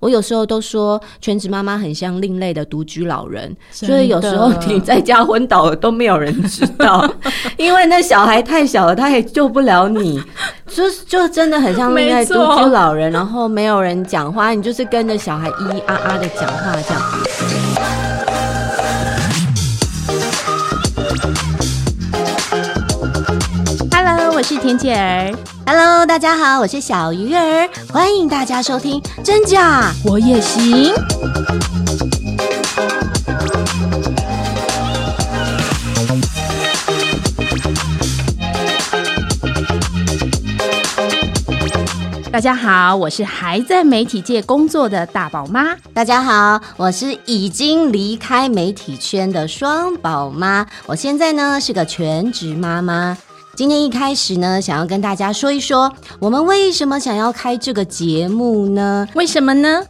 我有時候都說，全職媽媽很像另類的獨居老人，的所以有時候你在家昏倒了都沒有人知道， 因為那小孩太小了，他也救不了你， 就就真的很像另類獨居老人，錯然後沒有人講話，你就是跟着小孩咿咿啊啊的講話，這樣子。我是恬姐兒，Hello，大家好，我是小瑜兒，歡迎大家收聽真假我也行。大家好，我是還在媒體界工作的大寶媽。大家好，我是已經離開媒體圈的雙寶媽，我現在呢是個全職媽媽。今天一開始呢，想要跟大家說一說，我們為什麼想要開這個節目呢？為什麼呢？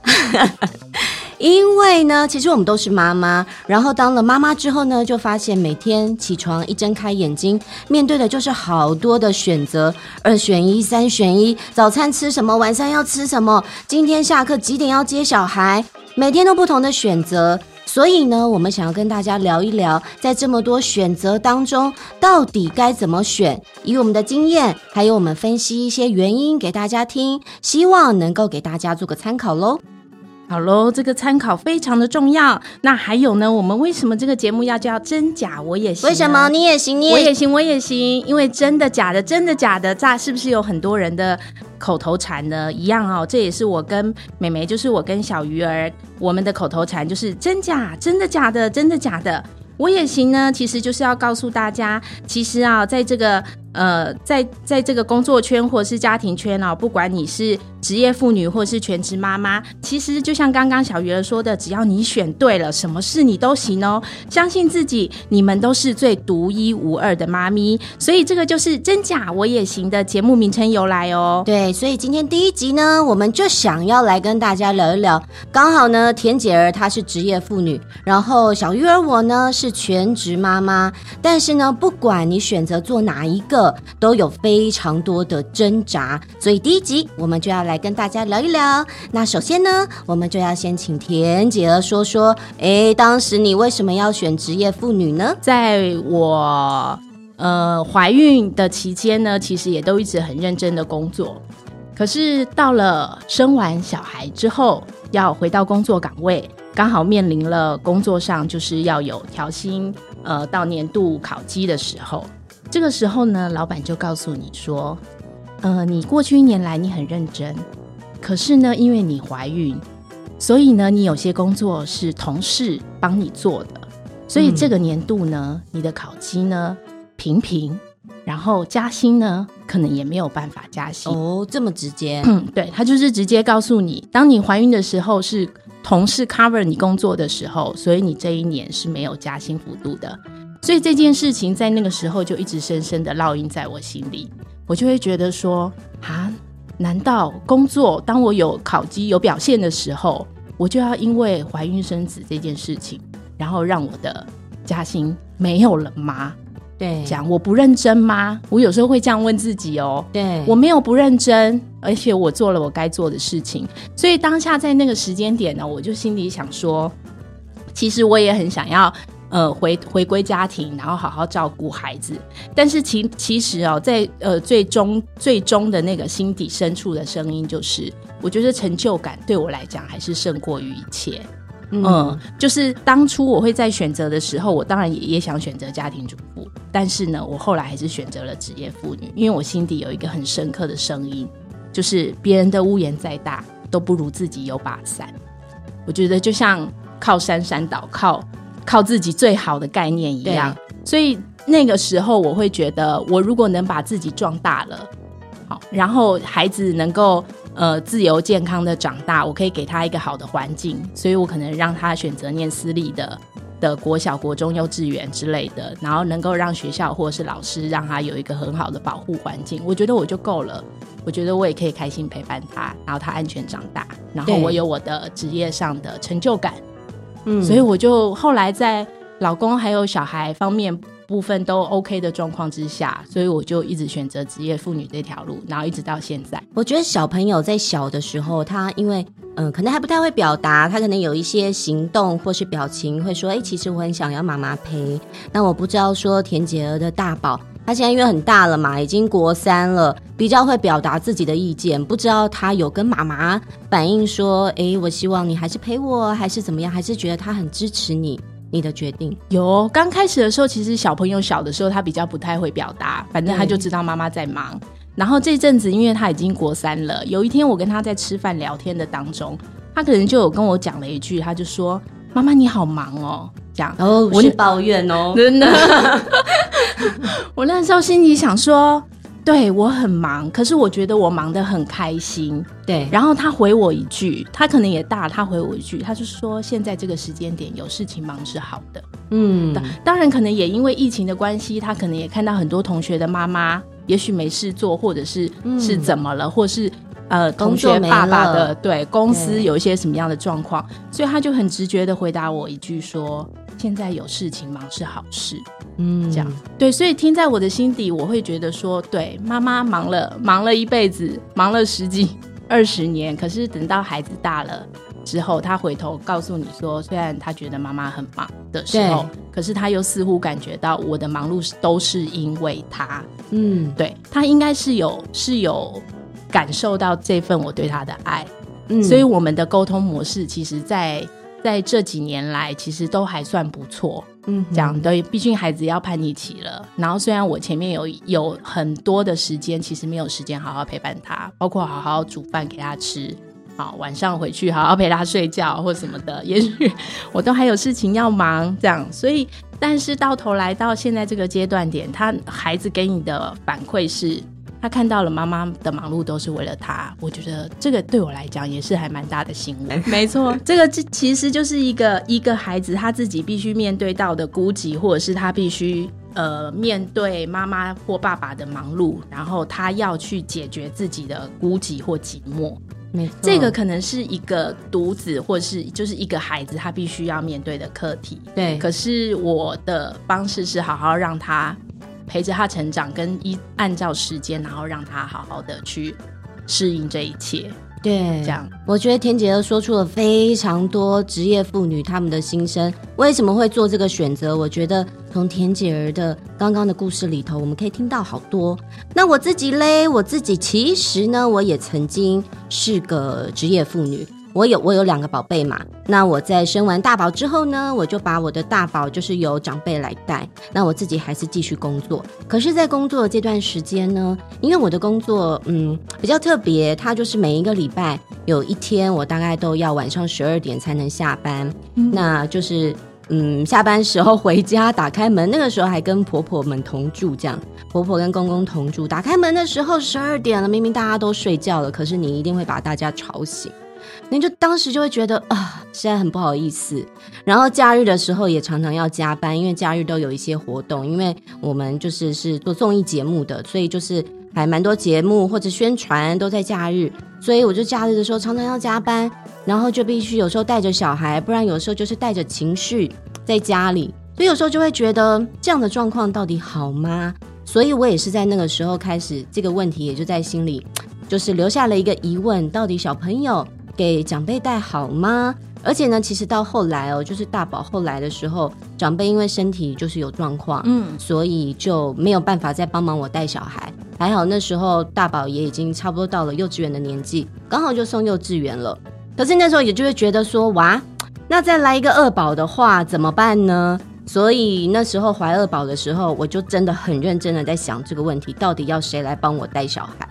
因為呢，其實我們都是媽媽，然後當了媽媽之後呢，就發現每天起床一睜開眼睛，面對的就是好多的選擇，二選一、三選一，早餐吃什麼，晚上要吃什麼，今天下課幾點要接小孩，每天都不同的選擇。所以呢，我們想要跟大家聊一聊，在這麼多選擇當中，到底該怎麼選？以我們的經驗，還有我們分析一些原因給大家聽，希望能夠給大家做個參考嘍。好嘍，這個參考非常的重要。那還有呢，我們為什麼這個節目要叫真假？我也行。為什麼你也行？你也我也行，我也行。因為真的假的，真的假的，炸，是不是有很多人的口頭禪呢？一樣哦。這也是我跟妹妹，就是我跟小瑜兒，我們的口頭禪就是真假，真的假的，真的假的。我也行呢，其實就是要告訴大家，其實啊、哦，在這個。呃，在在這個工作圈或是家庭圈哦、啊，不管你是職業婦女或是全職媽媽，其實就像剛剛小瑜兒說的，只要你選對了，什麼事你都行哦。相信自己，你們都是最獨一無二的媽咪。所以這個就是“真假我也行”的節目名稱由來哦。對，所以今天第一集呢，我們就想要來跟大家聊一聊。剛好呢，恬姐兒她是職業婦女，然後小瑜兒我呢是全職媽媽，但是呢，不管你選擇做哪一個，都有非常多的掙扎，所以第一集我們就要來跟大家聊一聊。那首先呢，我們就要先請田姐說說，哎，當時你為什麼要選職業婦女呢？在我呃懷孕的期間呢，其實也都一直很認真的工作。可是到了生完小孩之後，要回到工作崗位，剛好面臨了工作上就是要有調薪，呃，到年度考績的時候。這個時候呢，老闆就告訴你說，呃，你過去一年來你很認真，可是呢，因為你懷孕，所以呢，你有些工作是同事幫你做的，所以這個年度呢，你的考績呢平平，然後加薪呢可能也沒有辦法加薪。哦，這麼直接？ 對，他就是直接告訴你，當你懷孕的時候是同事 cover 你工作的時候，所以你這一年是沒有加薪幅度的。所以這件事情在那個時候就一直深深的烙印在我心裡，我就會覺得說啊，難道工作當我有考績有表現的時候，我就要因為懷孕生子這件事情，然後讓我的加薪沒有了嗎？對，講我不認真嗎？我有時候會這樣問自己哦、喔，對我沒有不認真，而且我做了我該做的事情。所以當下在那個時間點呢，我就心裡想說，其實我也很想要。呃，回回歸家庭，然後好好照顧孩子。但是其其實哦，在呃最終最終的那個心底深處的聲音，就是我覺得成就感對我來講還是勝過於一切。嗯，嗯，就是當初我會在選擇的時候，我當然也也想選擇家庭主婦，但是呢，我後來還是選擇了職業婦女，因為我心底有一個很深刻的聲音，就是別人的屋檐再大，都不如自己有把傘。我覺得就像靠山山倒靠。靠自己最好的概念一樣，對所以那個時候我會覺得，我如果能把自己壯大了，好，然後孩子能夠呃自由健康的長大，我可以給他一個好的環境，所以我可能讓他選擇念私立的的國小、國中、幼稚園之類的，然後能夠讓學校或是老師讓他有一個很好的保護環境，我覺得我就夠了。我覺得我也可以開心陪伴他，然後他安全長大，然後我有我的職業上的成就感。嗯，所以我就後來在老公還有小孩方面部分都 OK 的狀況之下，所以我就一直選擇職業婦女這條路，然後一直到現在。我覺得小朋友在小的時候，他因為嗯，呃，可能還不太會表達，他可能有一些行動或是表情會說：“哎，欸，其實我很想要媽媽陪。”那我不知道說恬姐兒的大寶。他現在因為很大了嘛，已經國三了，比較會表達自己的意見。不知道他有跟媽媽反映說：“誒、欸，我希望你還是陪我，還是怎麼樣？還是覺得他很支持你你的決定？”有，剛開始的時候，其實小朋友小的時候他比較不太會表達，反正他就知道媽媽在忙。對然後這陣子，因為他已經國三了，有一天我跟他在吃飯聊天的當中，他可能就有跟我講了一句，他就說：“媽媽你好忙哦。”然後、哦，我是我抱怨哦，真的。我那時候心裡想說，對我很忙，可是我覺得我忙得很開心。對，然後他回我一句，他可能也大，他回我一句，他是說現在這個時間點有事情忙是好的。嗯，當然，可能也因為疫情的關係，他可能也看到很多同學的媽媽，也許沒事做，或者是是怎麼了，嗯、或是。呃，同學爸爸的對公司有一些什麼樣的狀況？對所以他就很直覺的回答我一句說：“現在有事情忙是好事，嗯，這樣對。”所以聽在我的心底，我會覺得說：“對，媽媽忙了，忙了一輩子，忙了十幾二十年。可是等到孩子大了之後，他回頭告訴你說，雖然他覺得媽媽很忙的時候，對可是他又似乎感覺到我的忙碌都是因為他。嗯，對他應該是有是有。”感受到這份我對他的愛，嗯，所以我們的溝通模式，其實在，在在這幾年來，其實都還算不錯，嗯哼，講對，畢竟孩子要叛逆期了，然後雖然我前面有有很多的時間，其實沒有時間好好陪伴他，包括好好煮飯給他吃，啊，晚上回去好好陪他睡覺或什麼的，也許我都還有事情要忙，這樣。所以，但是到頭來到現在這個階段點，他孩子給你的反饋是。他看到了媽媽的忙碌都是為了他，我覺得這個對我來講也是還蠻大的行為。沒錯錯，這個其實就是一個一個孩子他自己必須面對到的孤寂，或者是他必須呃面對媽媽或爸爸的忙碌，然後他要去解決自己的孤寂或寂寞。沒錯錯，這個可能是一個獨子，或者是就是一個孩子他必須要面對的課題。對，可是我的方式是好好讓他。陪着他成長，跟一按照時間，然後讓他好好的去適應這一切。對，這樣我覺得恬姐兒說出了非常多職業婦女她們的心聲。為什麼會做這個選擇？我覺得從恬姐兒的剛剛的故事裡頭，我們可以聽到好多。那我自己嘞，我自己其實呢，我也曾經是個職業婦女。我有我有兩個寶貝嘛，那我在生完大寶之後呢，我就把我的大寶就是由長輩來帶，那我自己還是繼續工作。可是，在工作的這段時間呢，因為我的工作嗯比較特別，它就是每一個禮拜有一天我大概都要晚上十二點才能下班，嗯、哼那就是嗯下班時候回家打開門，那個時候還跟婆婆們同住，這樣婆婆跟公公同住，打開門的時候十二點了，明明大家都睡覺了，可是你一定會把大家吵醒。你就當時就會覺得啊，實在很不好意思。然後假日的時候也常常要加班，因為假日都有一些活動，因為我們就是是做綜藝節目的，所以就是還蠻多節目或者宣傳都在假日，所以我就假日的時候常常要加班，然後就必須有時候帶着小孩，不然有時候就是帶着情緒在家裡，所以有時候就會覺得這樣的狀況到底好嗎？所以我也是在那個時候開始，這個問題也就在心裡，就是留下了一個疑問：到底小朋友？給長輩帶好嗎？而且呢，其實到後來哦，就是大寶後來的時候，長輩因為身體就是有狀況，嗯，所以就沒有辦法再幫忙我帶小孩。還好那時候大寶也已經差不多到了幼稚園的年紀，剛好就送幼稚園了。可是那時候也就會覺得說，哇，那再來一個二寶的話怎麼辦呢？所以那時候懷二寶的時候，我就真的很認真的在想這個問題，到底要誰來幫我帶小孩？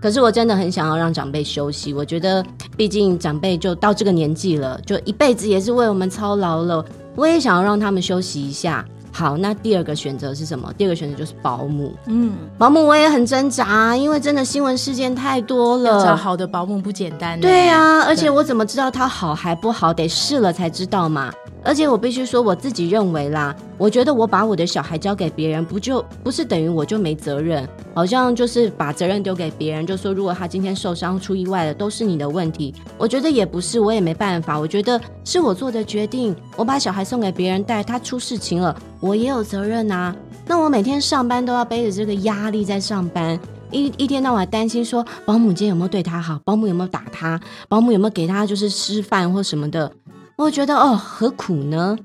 可是我真的很想要讓長輩休息，我覺得畢竟長輩就到這個年紀了，就一輩子也是為我們操勞了。我也想要讓他們休息一下。好，那第二個選擇是什麼？第二個選擇就是保姆。嗯，保姆我也很掙扎，因為真的新聞事件太多了。找好的保姆不簡單。對呀，而且我怎麼知道他好還不好？得試了才知道嘛。而且我必須說，我自己認為啦，我覺得我把我的小孩交給別人，不就不是等於我就沒責任？好像就是把責任丟給別人，就說如果他今天受傷出意外了，都是你的問題。我覺得也不是，我也沒辦法。我覺得是我做的決定，我把小孩送給別人帶，他出事情了，我也有責任吶、啊。那我每天上班都要背着這個壓力在上班，一一天到晚擔心說保姆今天有沒有對他好，保姆有沒有打他，保姆有沒有給他就是吃飯或什麼的。我覺得哦，何苦呢？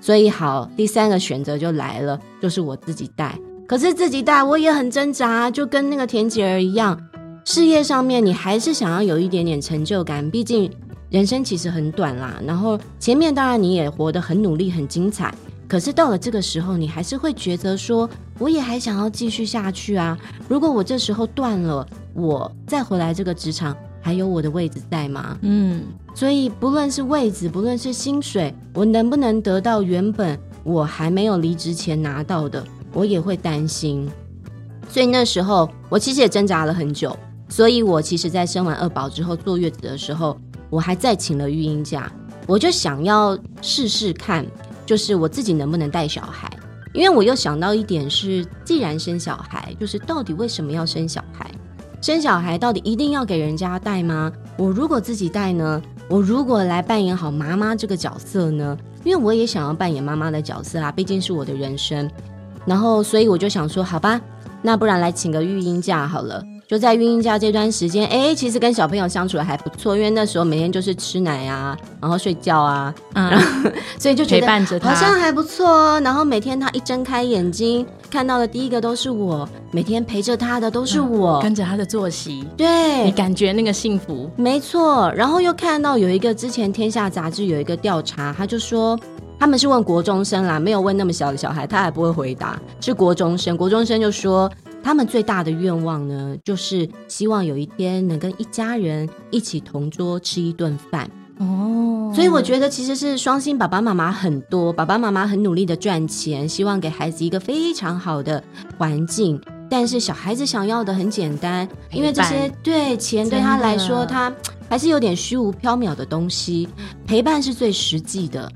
所以好，第三個選擇就來了，就是我自己帶。可是自己帶，我也很掙扎，就跟那個恬姐兒一樣，事業上面你還是想要有一點點成就感，畢竟人生其實很短啦。然後前面當然你也活得很努力、很精彩，可是到了這個時候，你還是會覺得說，我也還想要繼續下去啊。如果我這時候斷了，我再回來這個職場。還有我的位置在嗎？嗯，所以不論是位置，不論是薪水，我能不能得到原本我還沒有離職前拿到的，我也會擔心。所以那時候我其實也掙扎了很久。所以我其實，在生完二寶之後坐月子的時候，我還再請了育嬰假，我就想要試試看，就是我自己能不能帶小孩。因為我又想到一點是，既然生小孩，就是到底為什麼要生小孩？生小孩到底一定要給人家帶嗎？我如果自己帶呢？我如果來扮演好媽媽這個角色呢？因為我也想要扮演媽媽的角色啊，畢竟是我的人生。然後，所以我就想說，好吧，那不然來請個育嬰假好了。就在育嬰假這段時間，哎，其實跟小朋友相處的還不錯，因為那時候每天就是吃奶啊，然後睡覺啊，嗯，然後， 所以就覺得陪伴着他好像還不錯哦。然後每天他一睜開眼睛看到的第一個都是我，每天陪着他的都是我，嗯、跟着他的作息，對，你感覺那個幸福，沒錯。然後又看到有一個之前《天下》雜誌有一個調查，他就說他們是問國中生啦，沒有問那麼小的小孩，他還不會回答，是國中生，國中生就說。他們最大的願望呢，就是希望有一天能跟一家人一起同桌吃一頓飯。哦，所以我覺得其實是雙薪爸爸媽媽很多，爸爸媽媽很努力的賺錢，希望給孩子一個非常好的環境。但是小孩子想要的很簡單，陪伴，因為這些對錢真的，對他來說，他還是有點虛無縹緲的東西。陪伴是最實際的，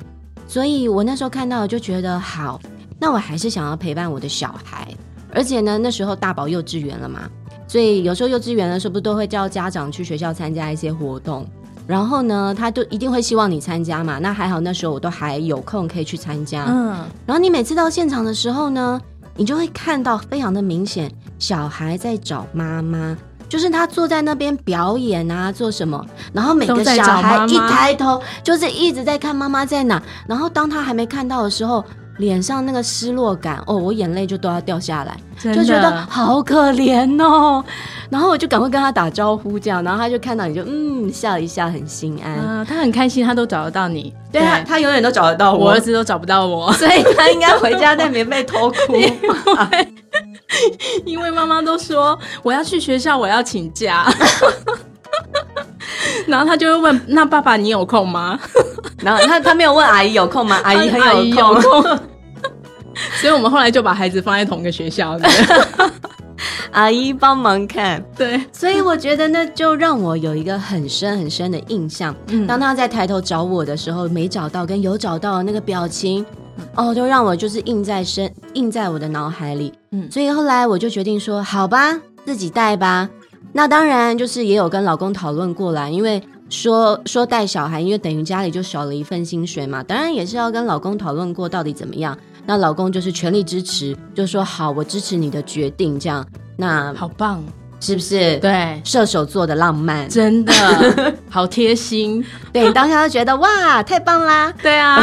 所以我那時候看到就覺得好，那我還是想要陪伴我的小孩。而且呢，那時候大寶幼稚園了嘛，所以有時候幼稚園的時候不都會叫家長去學校參加一些活動，然後呢，他都一定會希望你參加嘛。那還好那時候我都還有空可以去參加。嗯，然後你每次到現場的時候呢，你就會看到非常的明顯，小孩在找媽媽，就是他坐在那邊表演啊，做什麼，然後每個小孩一抬頭就是一直在看媽媽在哪，然後當他還沒看到的時候。臉上那個失落感，哦，我眼淚就都要掉下來，的就覺得好可憐哦。然後我就趕快跟他打招呼，這樣，然後他就看到你就嗯笑一笑，很心安。啊。他很開心，他都找得到你。對啊對，他永遠都找得到我，我兒子都找不到我，所以他應該回家，在棉被偷哭。因為媽媽都說我要去學校，我要請假。 然後他就問：“那爸爸，你有空嗎？” 然後他他沒有問阿姨有空嗎？阿姨很有空。啊、阿姨有空 所以我們後來就把孩子放在同個學校， 阿姨幫忙看。對，所以我覺得那就讓我有一個很深很深的印象。嗯、當他在抬頭找我的時候沒找到，跟有找到的那個表情，嗯、哦，都讓我就是印在深、印在我的腦海裡。嗯，所以後來我就決定說：“好吧，自己帶吧。”那當然，就是也有跟老公討論過啦。因為說說帶小孩，因為等於家裡就少了一份薪水嘛。當然也是要跟老公討論過到底怎麼樣。那老公就是全力支持，就說好，我支持你的決定這樣。那好棒，是不是？對，射手座的浪漫，真的 好貼心。對，你當下就覺得哇，太棒啦！ 對啊，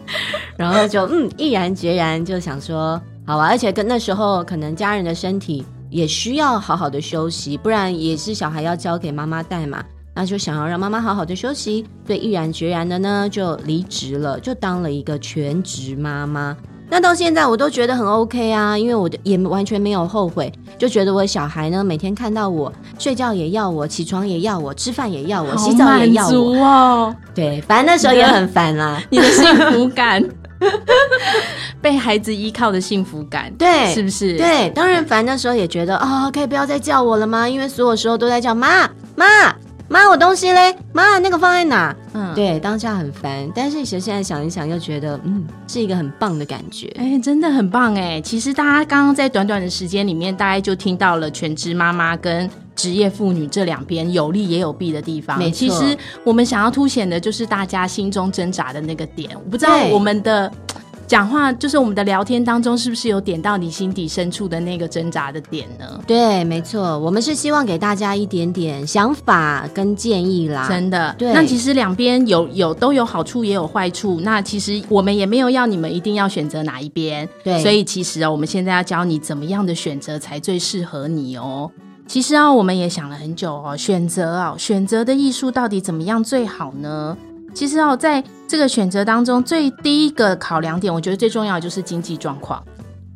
然後就嗯，毅然決然就想說，好啊。而且跟那時候可能家人的身體。也需要好好的休息，不然也是小孩要交給媽媽帶嘛，那就想要讓媽媽好好的休息，對，毅然決然的呢就離職了，就當了一個全職媽媽。那到現在我都覺得很 OK 啊，因為我也完全沒有後悔，就覺得我小孩呢每天看到我睡覺也要我，起床也要我，吃飯也要我，洗澡也要我，哦、對，反正那時候也很煩啦，你的幸福感。 被孩子依靠的幸福感，對，是不是？對，當然煩的時候也覺得對哦，可以不要再叫我了嗎？因為所有時候都在叫媽媽媽，我東西嘞，媽那個放在哪？嗯，對，當下很煩，但是其實現在想一想，又覺得嗯，是一個很棒的感覺。哎、欸，真的很棒哎、欸。其實大家剛剛在短短的時間裡面，大家就聽到了全職媽媽跟。職業婦女這兩邊有利也有弊的地方，沒錯其實我們想要凸顯的就是大家心中掙扎的那個點。我不知道我們的對講話，就是我們的聊天當中，是不是有點到你心底深處的那個掙扎的點呢？對，沒錯，我們是希望給大家一點點想法跟建議啦。真的，對那其實兩邊有有都有好處，也有壞處。那其實我們也沒有要你們一定要選擇哪一邊，對。所以其實啊、哦，我們現在要教你怎麼樣的選擇才最適合你哦。其實啊，我們也想了很久哦，選擇哦、啊，選擇的藝術到底怎麼樣最好呢？其實哦、啊，在這個選擇當中，最第一個考量點，我覺得最重要的就是經濟狀況。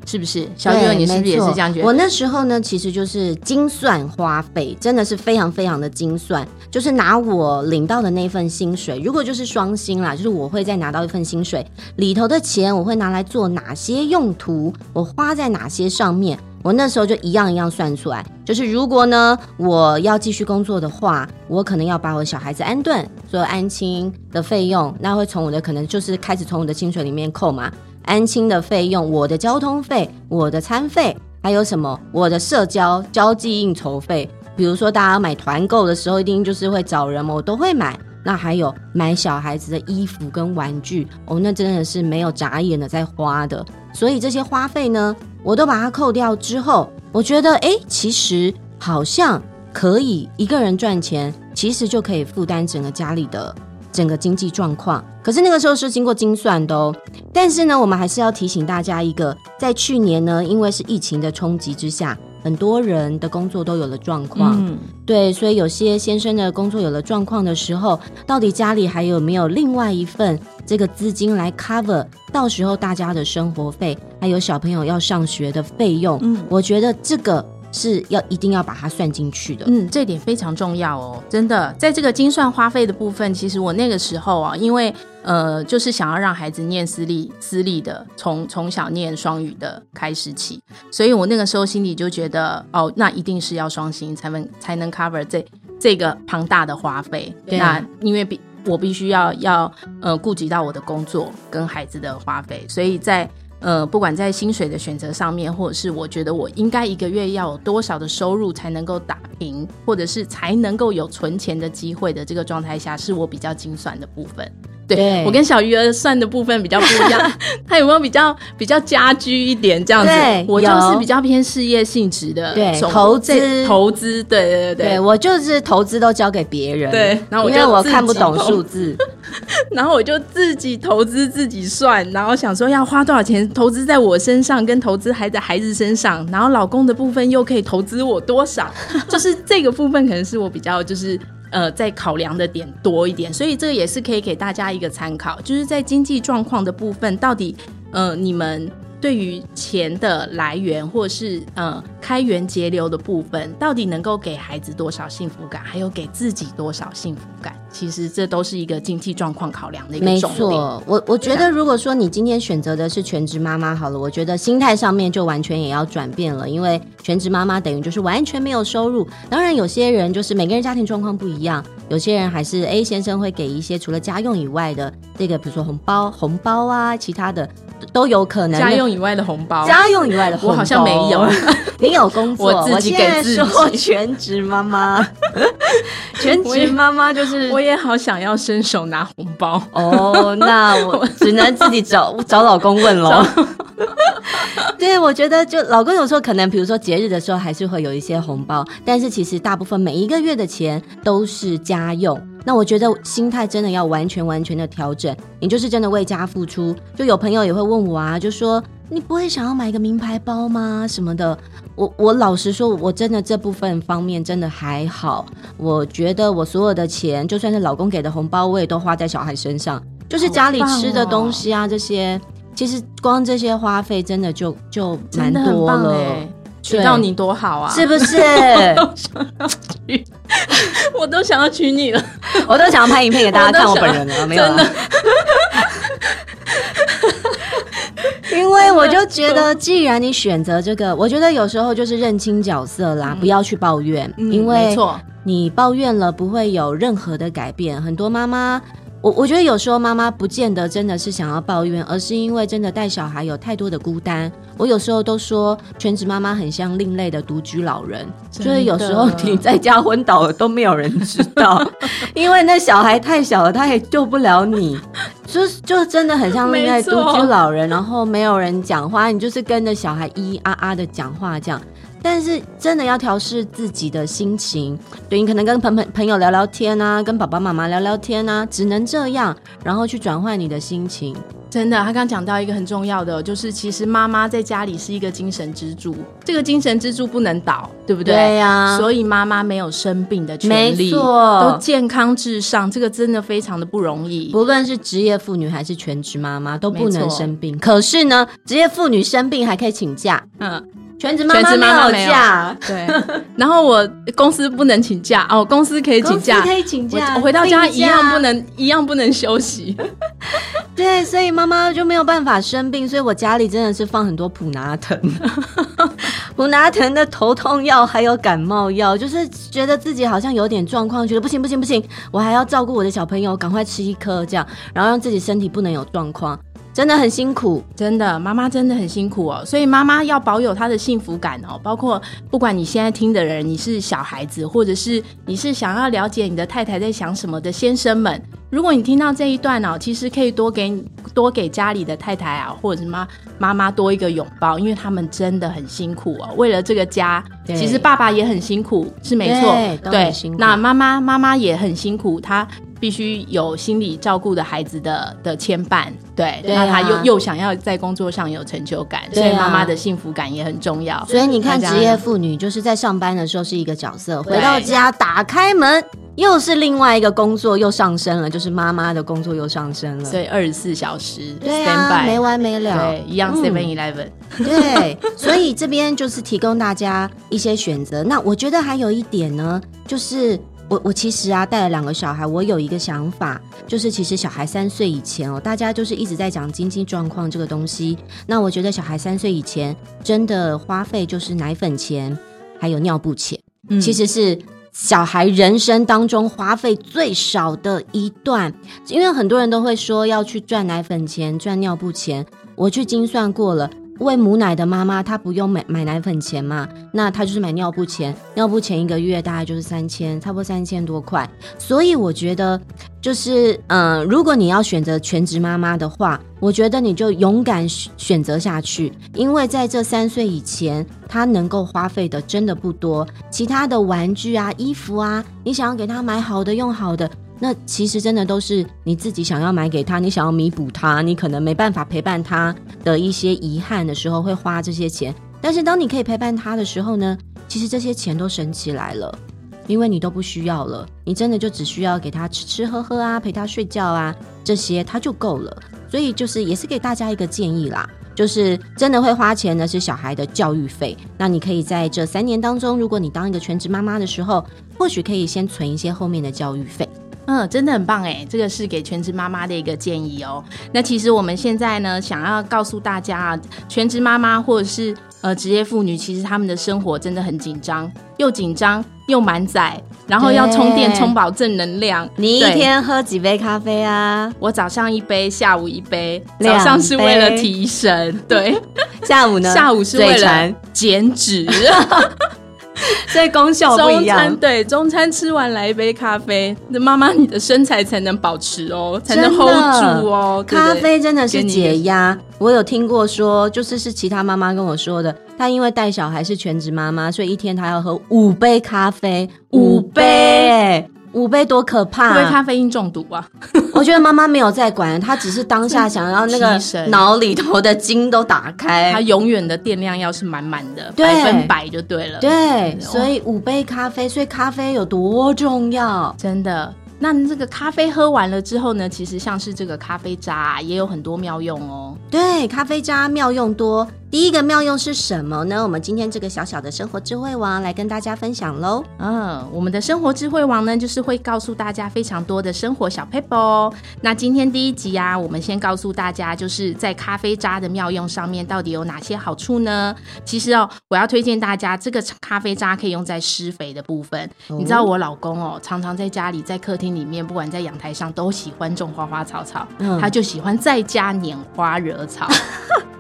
是不是？小瑜，對你是不是也是這樣覺得？我那時候呢，其實就是精算花費，真的是非常非常的精算。就是拿我領到的那份薪水，如果就是雙薪啦，就是我會再拿到一份薪水裡頭的錢，我會拿來做哪些用途？我花在哪些上面？我那時候就一樣一樣算出來。就是如果呢，我要繼續工作的話，我可能要把我的小孩子安頓所有安親的費用，那會從我的可能就是開始從我的薪水裡面扣嘛。安親的費用，我的交通費，我的餐費，還有什麼？我的社交交際應酬費，比如說大家買團購的時候，一定就是會找人嘛，我都會買。那還有買小孩子的衣服跟玩具，哦，那真的是沒有眨眼的在花的。所以這些花費呢，我都把它扣掉之後，我覺得，誒，其實好像可以一個人賺錢，其實就可以負擔整個家裡的整個經濟狀況。可是那個時候是經過精算的哦，但是呢，我們還是要提醒大家一個，在去年呢，因為是疫情的衝擊之下，很多人的工作都有了狀況，嗯，對，所以有些先生的工作有了狀況的時候，到底家裡還有沒有另外一份這個資金來 cover 到時候大家的生活費，還有小朋友要上學的費用？嗯，我覺得這個。是要一定要把它算進去的，嗯，這點非常重要哦，真的，在這個精算花費的部分，其實我那個時候啊、哦，因為呃，就是想要讓孩子念私立私立的，從從小念雙語的開始起，所以我那個時候心裡就覺得，哦，那一定是要雙薪才能才能 cover 這這個龐大的花費，對那因為必我必須要要呃顧及到我的工作跟孩子的花費，所以在。呃，不管在薪水的選擇上面，或者是我覺得我應該一個月要有多少的收入才能夠打平，或者是才能夠有存錢的機會的這個狀態下，是我比較精算的部分。對，我跟小瑜兒，算的部分比較不一樣，他有沒有比較比較家居一點這樣子？我就是比較偏事業性質的，對，投資投資，對對對對，我就是投資都交給別人，對，然後我覺得，我看不懂數字，然後我就自己投資自己算，然後想說要花多少錢投資在我身上，跟投資還在孩子身上，然後老公的部分又可以投資我多少，就是這個部分可能是我比較就是。呃，在考量的點多一點，所以這也是可以給大家一個參考，就是在經濟狀況的部分，到底，呃，你們對於錢的來源，或是呃開源節流的部分，到底能夠給孩子多少幸福感，還有給自己多少幸福感？其實這都是一個經濟狀況考量的一個。沒錯，我我覺得，如果說你今天選擇的是全職媽媽，好了，我覺得心態上面就完全也要轉變了，因為全職媽媽等於就是完全沒有收入。當然，有些人就是每個人家庭狀況不一樣，有些人還是 A 先生會給一些除了家用以外的這個，比如說紅包、紅包啊，其他的都有可能。家用以外的紅包，家用以外的紅包，外的紅包我好像沒有。 你有工作，我自己給自己。我現在說全職媽媽， 全職媽媽就是。我也好想要伸手拿紅包哦， oh, 那我只能自己找 找老公問咯。 對，我覺得就老公有時候可能，比如說節日的時候，還是會有一些紅包，但是其實大部分每一個月的錢都是家用。那我覺得心態真的要完全完全的調整，你就是真的為家付出。就有朋友也會問我啊，就說你不會想要買一個名牌包嗎什麼的？我我老實說，我真的這部分方面真的還好。我覺得我所有的錢，就算是老公給的紅包，我也都花在小孩身上，就是家裡吃的東西啊、哦、這些。其實光這些花費真的就就蠻多了。娶對到你多好啊！是不是？ 我都想要娶，我都想要娶你了。 我都想要拍影片給大家看我本人了，我真的，沒有。因為我就覺得，既然你選擇這個，我覺得有時候就是認清角色啦，嗯、不要去抱怨，嗯、因為你抱怨了不會有任何的改變。很多媽媽。我，我覺得有時候媽媽不見得真的是想要抱怨，而是因為真的帶小孩有太多的孤單。我有時候都說，全職媽媽很像另類的獨居老人，所以的有時候你在家昏倒了都沒有人知道， 因為那小孩太小了，他也救不了你， 就就真的很像另類獨居老人，錯然後沒有人講話，你就是跟着小孩咿咿啊啊的講話這樣。但是真的要調適自己的心情，對，你可能跟朋朋朋友聊聊天啊，跟爸爸媽媽聊聊天啊，只能這樣，然後去轉換你的心情。真的，他剛剛講到一個很重要的，就是其實媽媽在家裡是一個精神支柱，這個精神支柱不能倒，對不對？對呀、啊，所以媽媽沒有生病的權利，沒錯錯，都健康至上，這個真的非常的不容易。不論是職業婦女還是全職媽媽，都不能生病。錯可是呢，職業婦女生病還可以請假，嗯。全職媽媽沒有假，對。 然後我公司不能請假哦，公司可以請假，可以請假。我，我回到家一樣不能，一樣不能休息。對，所以媽媽就沒有辦法生病，所以我家裡真的是放很多普拿疼， 普拿疼的頭痛藥還有感冒藥，就是覺得自己好像有點狀況，覺得不行不行不行，我還要照顧我的小朋友，趕快吃一顆這樣，然後讓自己身體不能有狀況。真的很辛苦，真的，媽媽真的很辛苦哦。所以媽媽要保有她的幸福感哦。包括不管你現在聽的人，你是小孩子，或者是你是想要了解你的太太在想什麼的先生們，如果你聽到這一段哦，其實可以多給多給家裡的太太啊、哦，或者是媽媽媽多一個擁抱，因為他們真的很辛苦哦。為了這個家，對其實爸爸也很辛苦，是沒錯。對，對，那媽媽媽媽也很辛苦，她。必須有心理照顧的孩子的的牽絆，對，對啊、那他又又想要在工作上有成就感，啊、所以媽媽的幸福感也很重要。所以你看，職業婦女就是在上班的時候是一個角色，對回到家打開門又是另外一個工作，又上升了，就是媽媽的工作又上升了。所以二十四小時，對、啊，by 沒完沒了，對一樣 Seven Eleven。嗯、 對，所以這邊就是提供大家一些選擇。 那我覺得還有一點呢，就是。我我其實啊，帶了兩個小孩，我有一個想法，就是其實小孩三歲以前哦，大家就是一直在講經濟狀況這個東西。那我覺得小孩三歲以前真的花費就是奶粉錢還有尿布錢，嗯、其實是小孩人生當中花費最少的一段，因為很多人都會說要去賺奶粉錢賺尿布錢，我去精算過了。餵母奶的媽媽，她不用買買奶粉錢嘛？那她就是買尿布錢，尿布錢一個月大概就是三千，差不多三千多塊。所以我覺得，就是嗯、呃，如果你要選擇全職媽媽的話，我覺得你就勇敢選，選擇下去，因為在這三歲以前，他能夠花費的真的不多。其他的玩具啊、衣服啊，你想要給他買好的、用好的。那其實真的都是你自己想要買給他，你想要彌補他，你可能沒辦法陪伴他的一些遺憾的時候會花這些錢。但是當你可以陪伴他的時候呢，其實這些錢都省起來了，因為你都不需要了。你真的就只需要給他吃吃喝喝啊，陪他睡覺啊，這些他就夠了。所以就是也是給大家一個建議啦，就是真的會花錢的是小孩的教育費。那你可以在這三年當中，如果你當一個全職媽媽的時候，或許可以先存一些後面的教育費。嗯，真的很棒哎，這個是給全職媽媽的一個建議哦。那其實我們現在呢，想要告訴大家啊，全職媽媽或者是呃職業婦女，其實他們的生活真的很緊張，又緊張又滿載，然後要充電對充飽正能量。你一天喝幾杯咖啡啊？我早上一杯，下午一杯。兩杯。早上是為了提神，對。下午呢？下午是為了減脂。 所 以功效不一樣。中餐，對，中餐吃完來一杯咖啡，那媽媽你的身材才能保持哦，的才能 hold 住哦。對對，咖啡真的是解壓，我有聽過說，就是是其他媽媽跟我說的，她因為帶小孩是全職媽媽，所以一天她要喝五杯咖啡，五杯。五杯多可怕、啊！會咖啡因中毒啊！ 我覺得媽媽沒有在管，她只是當下想要那個腦裡頭的筋都打開，七神 她永遠的電量要是滿滿的，對百分百就對了。對，對哇所以五杯咖啡，所以咖啡有多重要？真的。那這個咖啡喝完了之後呢，其實像是這個咖啡渣、啊、也有很多妙用哦。對，咖啡渣妙用多。第一個妙用是什麼呢？我們今天這個小小的生活智慧王來跟大家分享嘍。嗯、哦，我們的生活智慧王呢，就是會告訴大家非常多的生活小撇步哦。那今天第一集啊，我們先告訴大家，就是在咖啡渣的妙用上面到底有哪些好處呢？其實哦，我要推薦大家這個咖啡渣可以用在施肥的部分。哦、你知道我老公哦，常常在家裡在客廳裡面，不管在陽台上，都喜歡種花花草草，嗯、他就喜歡在家拈花惹草。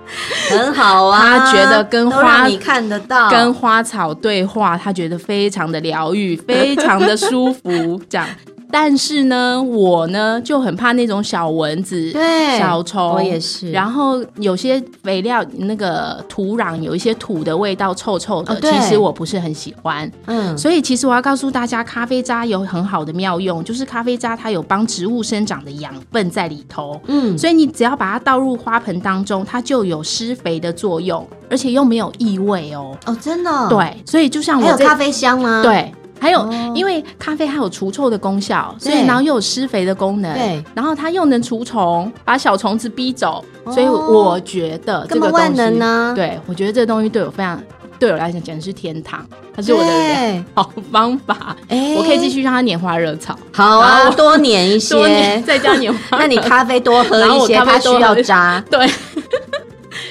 很好啊，他 覺得跟花你看得到，跟花草對話，他覺得非常的療癒，非常的舒服， 這樣。但是呢，我呢就很怕那種小蚊子，對小蟲蔥，我也是。然後有些肥料那個土壤有一些土的味道，臭臭的，哦、其實我不是很喜歡。嗯，所以其實我要告訴大家，咖啡渣有很好的妙用，就是咖啡渣它有幫植物生長的養分在裡頭。嗯，所以你只要把它倒入花盆當中，它就有施肥的作用，而且又沒有異味哦。哦，真的，哦。對，所以就像我，還有咖啡香嗎？對。還有，哦、因為咖啡它有除臭的功效，所以然後又有施肥的功能，對，然後它又能除蟲，把小蟲子逼走，哦、所以我覺得這個這麼萬能呢、啊？對我覺得這個東西對我非常，對我來講簡直是天堂，它是我的好方法，哎、欸，我可以繼續讓它拈花惹草，好啊，我多粘一些，多再加牛花， 那你咖啡多喝一些，它需要渣，對。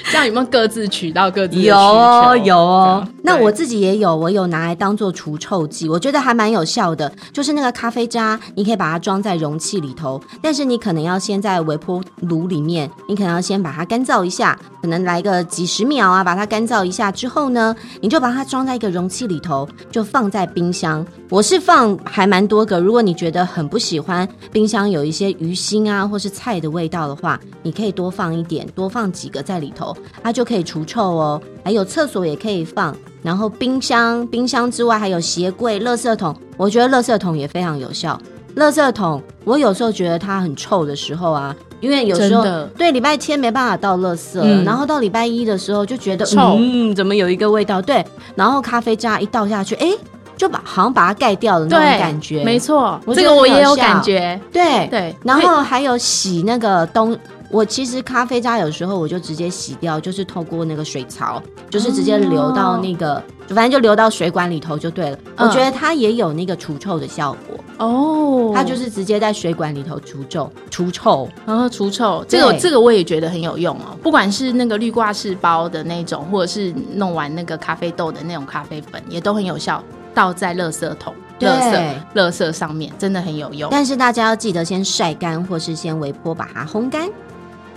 這樣有沒有各自取到各自的？有有哦。有哦啊，那我自己也有，我有拿來當做除臭劑，我覺得還蠻有效的。就是那個咖啡渣，你可以把它裝在容器裡頭，但是你可能要先在微波爐裡面，你可能要先把它乾燥一下，可能來個幾十秒啊，把它乾燥一下之後呢，你就把它裝在一個容器裡頭，就放在冰箱。我是放還蠻多個。如果你覺得很不喜歡冰箱有一些魚腥啊或是菜的味道的話，你可以多放一點，多放幾個在裡頭。它、啊、就可以除臭哦，還有廁所也可以放，然後冰箱、冰箱之外還有鞋櫃、垃圾桶，我覺得垃圾桶也非常有效。垃圾桶，我有時候覺得它很臭的時候啊，因為有時候的對禮拜天沒辦法倒垃圾，嗯、然後到禮拜一的時候就覺得臭、嗯嗯，怎麼有一個味道？對，然後咖啡渣一倒下去，哎，就把好像把它蓋掉的那種感覺，沒錯，這個我也有感覺，對對。對然後還有洗那個東。我其實咖啡渣有時候我就直接洗掉，就是透過那個水槽，就是直接流到那個，oh、no. 反正就流到水管裡頭就對了。Uh. 我覺得它也有那個除臭的效果哦，oh. 它就是直接在水管裡頭除臭，除臭啊，除臭。對這個這個我也覺得很有用哦，不管是那個濾掛式包的那種，或者是弄完那個咖啡豆的那種咖啡粉，也都很有效，倒在垃圾桶、對垃圾、垃圾上面真的很有用。但是大家要記得先曬乾，或是先微波把它烘乾。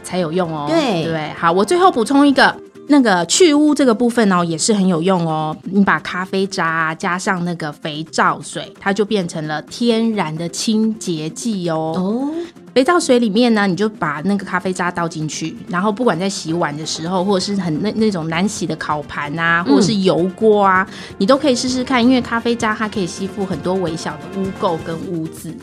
才有用哦。對對，好，我最後補充一個，那個去污這個部分呢、哦，也是很有用哦。你把咖啡渣、啊、加上那個肥皂水，它就變成了天然的清潔劑哦。哦，肥皂水裡面呢，你就把那個咖啡渣倒進去，然後不管在洗碗的時候，或者是很那那種難洗的烤盤啊，或者是油鍋啊，嗯、你都可以試試看，因為咖啡渣它可以吸附很多微小的污垢跟污漬。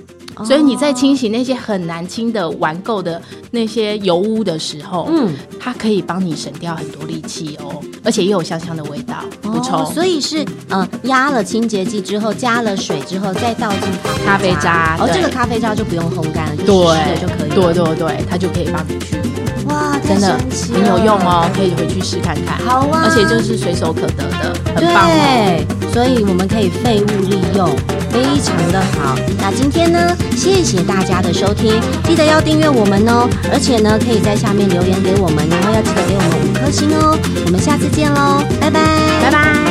所以你在清洗那些很難清的頑垢的那些油污的時候，嗯，它可以幫你省掉很多力氣哦，而且也有香香的味道不、哦，不錯。所以是，嗯，壓了清潔劑之後，加了水之後，再倒進咖啡渣。咖啡渣哦，這個咖啡渣就不用烘乾了，對，濕的就可以了。對對對，它就可以幫你去，哇，真的很有用哦，可以回去試看看。好啊，而且就是隨手可得的，很棒哦。所以我們可以廢物利用，非常的好。那今天呢，謝謝大家的收聽，記得要訂閱我們哦，而且呢，可以在下面留言給我們，然後要記得給我們五顆星哦。我們下次見嘍，拜拜，拜拜。